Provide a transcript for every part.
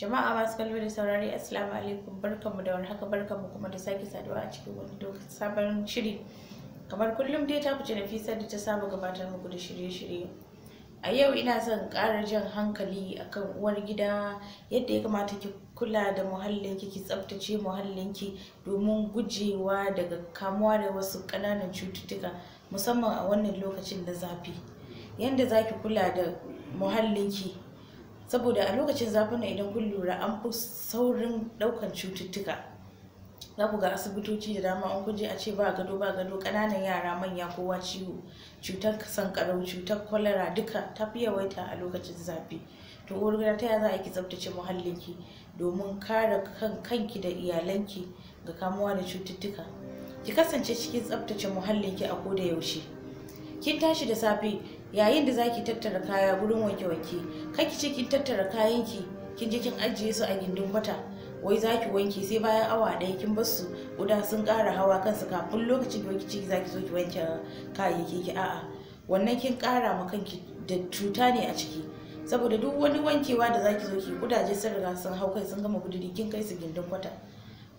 Jama'a masu kallo da saurari Assalamu alaikum barkanmu da warhaka barkanmu kuma da sake saduwa a cikin wani sabon shiri. Kamar kullum dai ta kuce Nafisa da ta saba gabatar muku da shirye-shirye. A yau ina son ƙara jan hankali akan uwar gida yadda ya kamata ki kula da muhallinki ki tsaftace muhallin ki domin gujewa daga kamuwa da wasu ƙananan cututtuka musamman a wannan lokacin da zafi. Yanda za ki kula da muhallin ki. saboda a lokacin zafin idan kun lura an fi saurin ɗaukan cututtuka za ku ga asibitoci da dama an kuje a ce ba gado ba gado kananan yara manya kowa ciwo cutar sankarau cutar kwalara duka ta fi yawaita a lokacin zafi to uwar ta za a ki tsaftace muhallinki domin kare kan kanki da iyalanki ga kamuwa da cututtuka ki kasance cikin tsaftace muhallinki a koda yaushe kin tashi da safe yayin da zaki tattara kaya gurin wanke-wanke kaki ce kin tattara kayanki kin je kin ajiye su a gindin kwata wai zaki wanke sai bayan awa ɗaya kin bar su guda sun kara hawa kansu kafin lokacin wanki ciki zaki zo ki wanke kayayyaki ki a'a wannan kin kara ma kanki da cuta ne a ciki saboda duk wani wankewa da zaki zo ki kudaje sun riga sun hau kai sun gama guduri kin kai su gindin kwata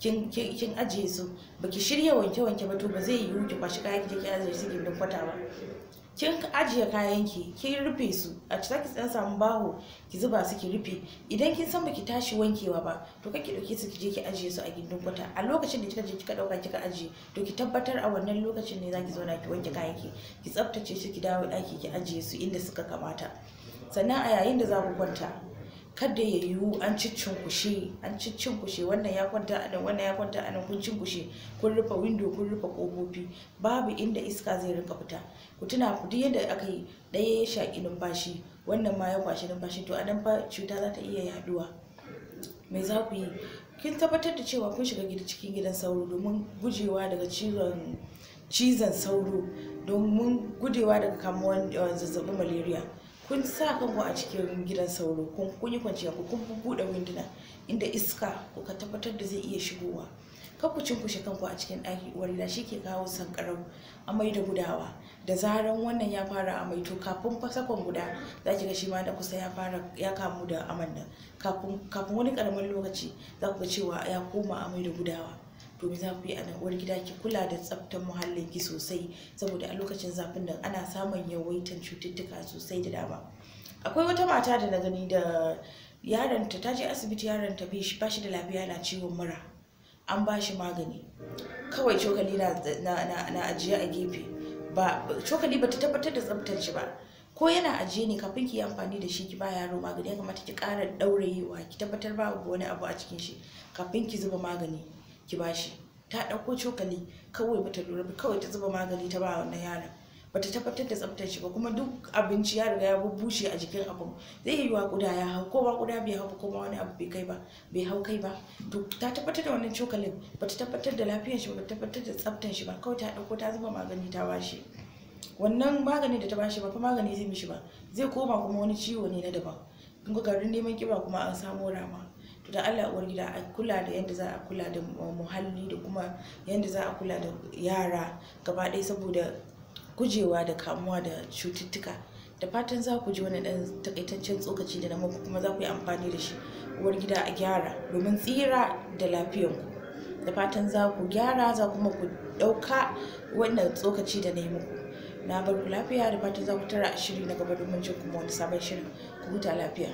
kin kin ajiye su baki shirya wanke wanke ba to ba zai yiwu ki kwashi kayan ki je ki ajiye su ki kwata ba kin ajiye kayan ki kin rufe su a ci zaki tsan samu baho ki zuba su ki rufe idan kin san baki tashi wankewa ba to ki dauke su ki je ki ajiye su a gindin kwata a lokacin da kika je kika dauka kika ajiye to ki tabbatar a wannan lokacin ne zaki zauna ki wanke kayan ki ki tsaftace su ki dawo daki ki ajiye su inda suka kamata sannan a yayin da za ku kwanta kada ya yiwu an kushe an kushe wannan ya kwanta a nan wannan ya kwanta a nan kun kushe kun rufe window kun rufe kofofi babu inda iska zai rinka fita ku tuna ku duk yadda aka yi ɗaya ya shaƙi numfashi wannan ma ya kwashi numfashi to a nan fa cuta za ta iya yaduwa me za ku yi kin tabbatar da cewa kun shiga gida cikin gidan sauro domin gujewa daga cizon cizon sauro domin gujewa daga kamuwa eh, zazzabin malaria kun sa kanku a cikin gidan sauro kun yi kwanciya ku kun buɗe winduna inda iska kuka tabbatar da zai iya shigowa kan ku cinkushe kanku a cikin ɗaki uwar shi ke kawo sankarar amai da gudawa da zaran wannan ya fara amai to kafin fasakon guda za ki ga shi ma da kusa ya fara ya kamu da aman nan kafin wani karamin lokaci za ku ga cewa ya koma amai da gudawa domin za ku yi a nan gida ki kula da tsaftar muhallin ki sosai saboda a lokacin zafin nan ana samun yawaitan cututtuka sosai da dama akwai wata mata da na gani da yaronta ta je asibiti yaronta ba shi da lafiya na ciwon mura an ba shi magani kawai cokali na ajiye a gefe ba cokali bata tabbatar da tsaftar shi ba ko yana ajiye ne kafin ki yi amfani da shi ki ba yaro magani ya kamata ki ƙara ɗaurayewa ki tabbatar babu wani abu a cikin shi kafin ki zuba magani ki bashi ta dauko cokali kawai bata lura ba kawai ta zuba magani ta ba wannan yaron bata tabbatar da tsaftar shi ba kuma duk abinci ya riga ya bubbushe a jikin abu zai yi wa kuda ya hau ko ba kuda bai hau ko wani abu bai kai ba bai hau kai ba to ta tabbatar da wannan cokalin bata tabbatar da lafiyar shi ba bata tabbatar da tsaftar shi ba kawai ta dauko ta zuba magani ta bashi wannan magani da ta bashi ba fa magani zai mishi ba zai koma kuma wani ciwo ne na daban kun ga garin neman kiba kuma an samo rama to da Allah uwar gida a kula da yadda za a kula da muhalli da kuma yadda za a kula da yara gaba ɗaya saboda gujewa da kamuwa da cututtuka da fatan za ku ji wani ɗan takaitaccen tsokaci da namu kuma za ku yi amfani da shi uwar gida a gyara domin tsira da lafiyanku da fatan za ku gyara za kuma ku ɗauka wannan tsokaci da na yi muku na bar ku lafiya da fatan za ku tara shiri na gaba domin jin kuma wani sabon shirin ku huta lafiya